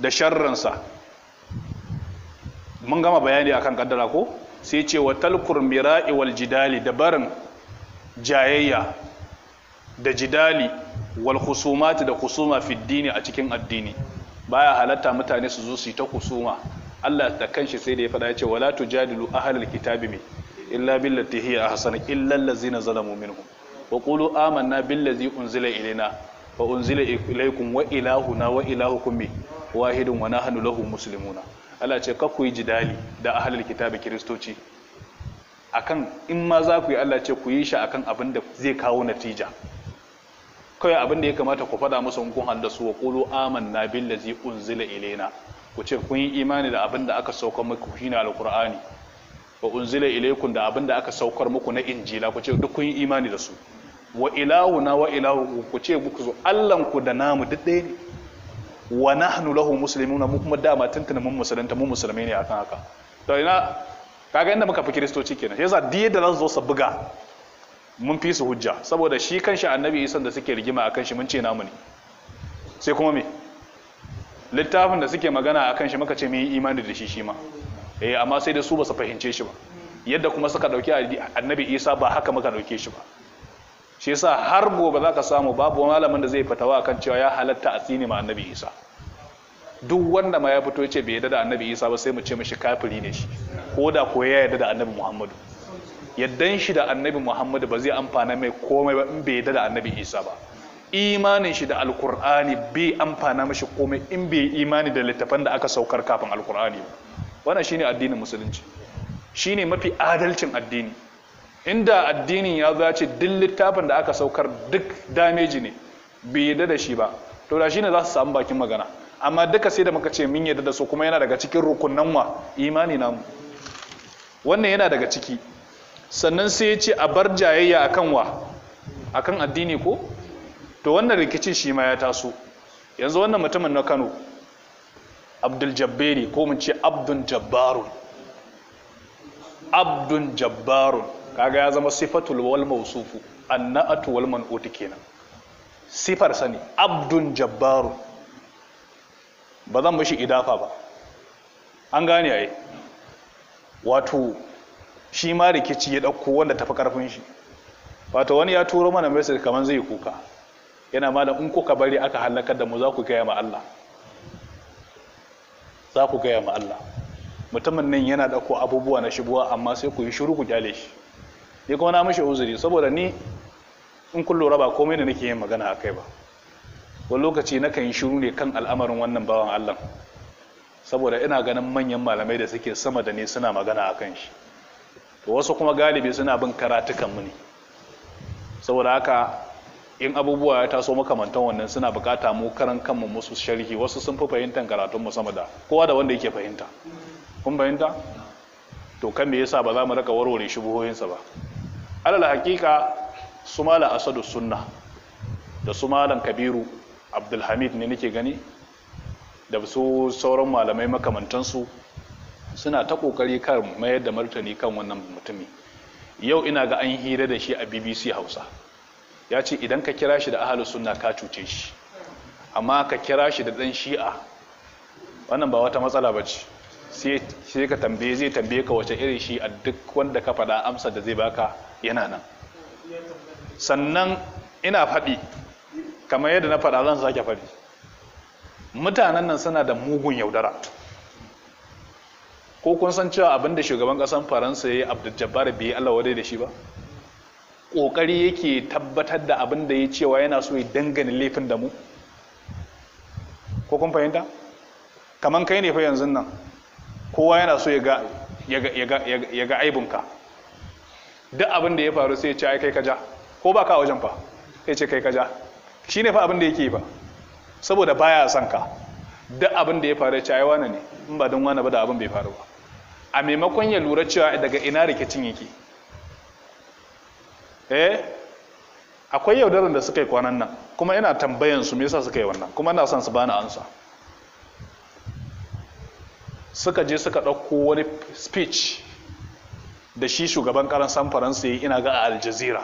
da sharransa mun gama bayani akan kaddara ko sai ce wa talkur mira'i wal jidali da jayayya da jidali wal khusumati da khusuma fi dini a cikin addini baya halatta mutane su zo su yi ta khusuma Allah da kanshi sai da ya fada ya ce wala tujadilu ahlal kitabi mai illa billati hiya ahsan illa allazina zalamu minhum wa qulu amanna billazi unzila ilaina wa unzila ilaykum wa ilahuna wa ilahukum wahidun wa nahnu lahu muslimuna Allah ce ka ku yi jidali da ahlul kitabi kiristoci akan in ma za ku yi Allah ce ku yi shi akan abin da zai kawo natija kawai abin da ya kamata ku faɗa musu kun handa su wa qulu amanna billazi unzila ilaina ku ce kun yi imani da abin da aka saukar muku shine alqur'ani wa unzila ilaykum da abin da aka saukar muku na injila ku ce duk kun yi imani da su wa na wa ilahu ku ce ku zo allan ku da namu duk ɗaya wa nahnu lahu muslimuna mu kuma dama tuntuna mun musulunta mu musulmai ne akan haka to ina kaga inda muka fi kiristoci kenan yasa diye da zan zo su buga mun fi su hujja saboda shi kanshi annabi Isa da suke rigima akan shi mun ce namu ne sai kuma me littafin da suke magana akan shi muka ce mu yi imani da shi shi ma eh amma sai da su ba su fahimce shi ba yadda kuma suka dauki annabi isa ba haka muka dauke shi ba shi yasa har gobe za ka samu babu malamin da zai fatawa kan cewa ya halatta a tsini ma annabi isa duk wanda ma ya fito ce bai yarda da annabi isa ba sai mu ce mishi kafiri ne shi ko da ko ya yarda da annabi muhammadu yaddan shi da annabi muhammadu ba zai amfana mai komai ba in bai yarda da annabi isa ba imanin shi da alkur'ani bai amfana mashi komai in bai imani da littafan da aka saukar kafin alkur'ani ba wannan shine addinin musulunci shine mafi adalcin addini inda addinin ya zo ya ce duk littafin da aka saukar duk dameji ne bai yadda da shi ba to da shi ne za su samu bakin magana amma duka sai da muka ce min yadda da su kuma yana daga cikin rukunan wa imani namu wannan yana daga ciki sannan sai ya ce a bar jayayya akan wa akan addini ko to wannan rikicin shi ma ya taso yanzu wannan mutumin na Kano Abdul Jabbari ko mun ce Abdul Jabbarun Abdul Jabbarun kaga ya zama sifatul wal mawsufu annatu wal man'ut kenan sifar sani abdun jabbaru ba zan mishi idafa ba an gane ai wato shi ma rikici ya dauko wanda tafi karfin shi wato wani ya turo mana message kaman zai kuka yana malam in kuka bari aka halakar da mu za ku gaya ma Allah za ku gaya ma Allah mutumin nan yana dauko abubuwa na shibuwa amma sai ku yi shiru ku kyale shi ni kuma na mushi uzuri saboda ni in kun lura ba komai da nake yin magana a kai ba wani lokaci na kan yi shiru ne kan al'amarin wannan bawan allah saboda ina ganin manyan malamai da suke sama da ni suna magana a kan shi to wasu kuma galibi suna bin karatukan mu ne saboda haka in abubuwa ya taso makamantan wannan suna bukata mu karan kanmu musu sharhi wasu sun fi fahimtar karatun mu sama da kowa da wanda yake fahimta kun fahimta to kan me yasa ba za mu raka warware shubuhoyinsa ba alal hakika su mala asadu sunna da su malam kabiru abdulhamid ne nake gani da su sauran malamai makamantansu suna ta kokari kan mayar da martani kan wannan mutumi yau ina ga an hira da shi a bbc hausa ya ce idan ka kira shi da ahalus sunna ka cuce shi amma ka kira shi da ɗan shi'a wannan ba wata matsala ba ce sai ka tambaye zai tambaye ka wace irin shi a duk wanda ka faɗa amsa da zai baka yana nan sannan ina faɗi kamar yadda na faɗa zan sake faɗi mutanen nan suna da mugun yaudara ko kun san cewa abin da shugaban ƙasan faransa ya yi abdul bai yi allah wadai da shi ba ƙoƙari yake tabbatar da abin da ya cewa yana so ya dangane laifin da mu ko kun fahimta kaman kai ne fa yanzu nan kowa yana so ya ga aibinka duk abin da ya faru sai ya ce ai kai kaja ko ba ka wajen fa ya ce kai kaja shi ne fa abin da yake ba saboda baya son ka duk abin da ya faru ya ce ai wane ne in ba don wane ba da abin bai faru ba a maimakon ya lura cewa daga ina rikicin yake eh akwai yaudarar da suka yi kwanan nan kuma ina tambayan su me yasa suka yi wannan kuma ina son su bani ansa suka je suka ɗauko wani speech da shi shugaban karansan faransa ya ina ga a aljazira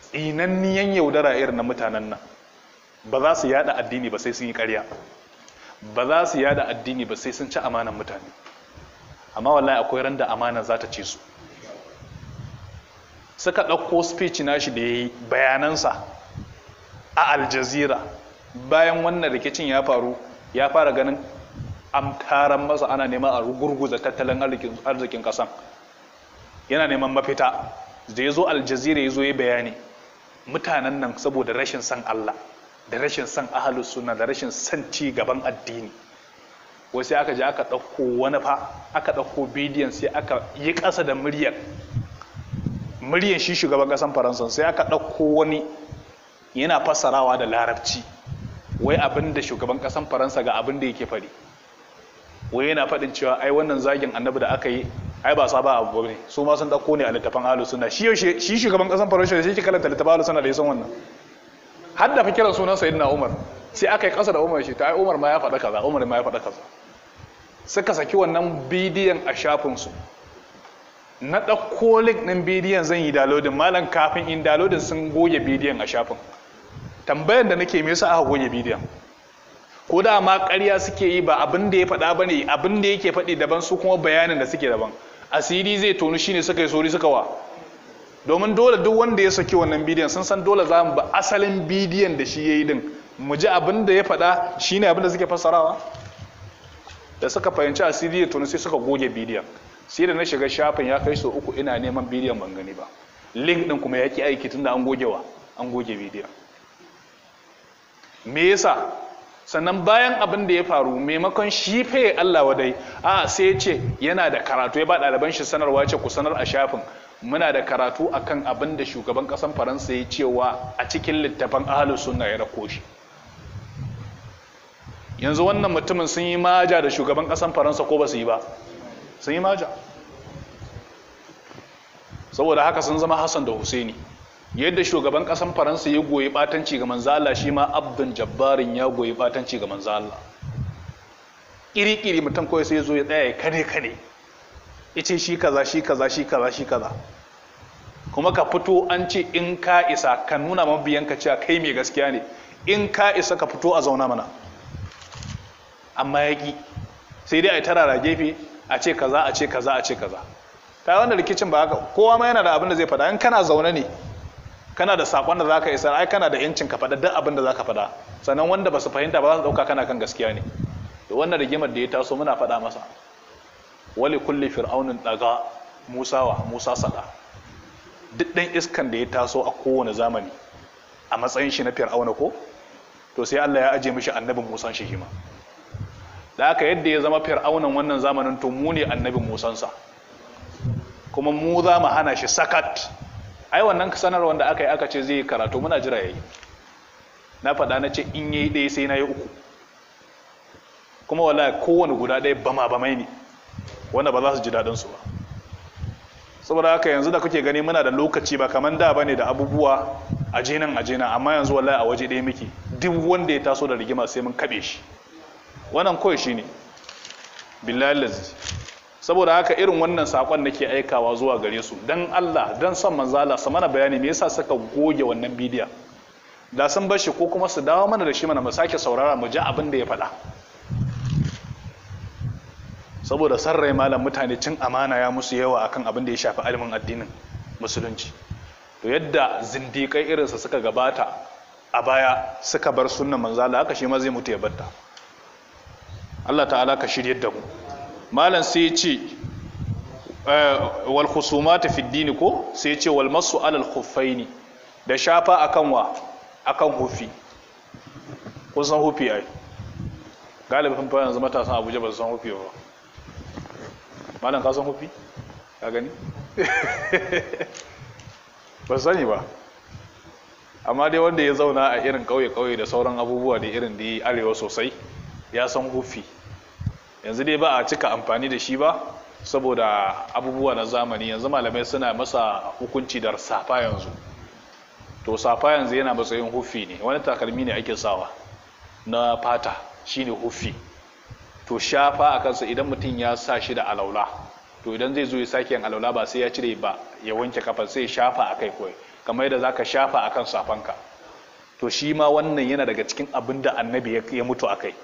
tsinanniyan yaudara irin na mutanen nan ba za su yada addini ba sai sun yi karya ba za su yada addini ba sai sun ci amanan mutane amma wallahi akwai ran da amana za ta ce su suka ɗauko speech nashi da ya yi bayanansa a aljazira bayan wannan rikicin ya faru ya fara ganin an masa ana neman a gurguza tattalin arzikin kasan yana neman mafita da ya zo aljazira ya zo ya bayani mutanen nan saboda rashin san Allah da rashin san ahalus suna da rashin san ci gaban addini wasu aka je aka ɗauko wani fa aka ɗauko bidiyon sai aka yi ƙasa da muryar muryar shi shugaban ƙasan faransa sai aka ɗauko wani yana fassarawa da larabci wai abin da shugaban ƙasan faransa ga abin da yake fari wai yana faɗin cewa ai wannan zagin annabi da aka yi ai ba saba abu ba ne su ma sun dauko ne a littafin ahlus sunna shi yaushe shi shugaban kasan farauta shi ke karanta littafin ahlus sunna da yasan wannan har da fikiran sunan sayyidina umar sai aka yi kasa da umar shi ta ai umar ma ya faɗa kaza umar ma ya faɗa kaza suka saki wannan bidiyon a shafin su na ɗauko link ɗin bidiyon zan yi dalodin malam kafin in dalodin sun goge bidiyon a shafin tambayar da nake me yasa aka goge bidiyon ko da ma ƙarya suke yi ba abin da ya faɗa ba ne abin da yake faɗi daban su kuma bayanin da suke daban asiri zai tonu shine suka yi sori suka wa domin dole duk wanda ya saki wannan bidiyon sun san dole za mu ba asalin bidiyon da shi ya yi din mu ji abin da ya faɗa shine abin da suke fassarawa da suka fahimci asiri ya tonu sai suka goge bidiyon sai da na shiga shafin ya kai so uku ina neman bidiyon ban gani ba link din kuma ya ki aiki tunda an gogewa an goge bidiyon me yasa sannan bayan abin da ya faru maimakon shi faye Allah wadai a sai ya ce yana da karatu ya ba ɗaliban shi sanarwa ce ku sanar a shafin muna da karatu akan abin da shugaban ƙasan faransa ya cewa a cikin littafan ahalu sunna ya rako shi yanzu wannan mutumin sun yi maja da shugaban ƙasan faransa ko ba su yi ba sun yi maja saboda haka sun zama hassan da hussaini yadda shugaban kasan faransa ya goyi batanci ga manzala shi ma abdun jabbarin ya goyi batanci ga manzala kiri-kiri mutum kawai sai zo ya tsaya ya kare-kare ya ce shi kaza shi kaza shi kaza shi kaza kuma ka fito an ce in ka isa ka nuna mabiyanka cewa kai mai gaskiya ne in ka isa ka fito a zauna mana amma ya ƙi sai dai a yi tarara gefe a ce kaza a ce kaza a ce kaza ta wanda rikicin ba haka kowa ma yana da abin da zai faɗa in kana zaune ne kana da sakon da za zaka isa ai kana da yancin ka faɗa duk abin da zaka faɗa sannan wanda ba su fahimta ba za su dauka kana kan gaskiya ne to wannan rigimar da ya taso muna faɗa masa wali kulli fir'aunin daga Musa wa Musa sada duk dan iskan da ya taso a kowane zamani a matsayin shi na fir'auna ko to sai Allah ya aje mishi annabin Musan shi kima da haka yadda ya zama fir'aunan wannan zamanin to mu ne annabin Musansa kuma mu za mu hana shi sakat ai wannan sanarwar da aka yi aka ce zai karatu muna jira yayi na faɗa na ce in yayi ɗaya sai na yi uku kuma wala kowane guda ɗaya bama bamai ne wanda ba za su ji daɗin su ba saboda haka yanzu da kuke gani muna da lokaci ba kamar da bane da abubuwa a jenan a jenan amma yanzu Wala a waje ɗaya muke duk wanda ya taso da rigima sai mun kaɓe shi wannan kawai shine billahi lazzi saboda haka irin wannan sakon nake aikawa zuwa gare su dan Allah dan son manzala su mana bayani me yasa suka goge wannan bidiya? da sun bar shi ko kuma su dawo mana da shi mana mu sake saurara mu ji abin da ya faɗa saboda rai malam mutane cin amana ya musu yawa akan abin da ya shafi alimin addinin musulunci to yadda zindikai irinsa suka gabata a baya suka bar sunnan manzala haka shi ma zai mutu ya batta Allah ta'ala ka shiryar da mu malam sai ya ce eh, wal khusumatu fi dini ko sai ya ce wal masu alal ne da shafa akan wa akan hufi kun san hufi ai galibin fa yanzu matasan Abuja ba su san hufi ba malam ka san hufi ka gani ba sani ba amma dai wanda ya zauna a irin kauye-kauye da sauran abubuwa da irin da ya arewa sosai ya san hufi yanzu dai ba a cika amfani da shi ba saboda abubuwa na zamani yanzu malamai suna masa hukunci da safa yanzu to safa yanzu yana matsayin hufi ne wani takalmi ne ake sawa na fata shine hufi to shafa a kansa idan mutum ya sa shi da alaula to idan zai zo ya sake yin alaula ba sai ya cire ba ya wanke kafa sai shafa a kai kawai kamar yadda zaka shafa akan safanka to shi ma wannan yana daga cikin abin da annabi ya mutu a kai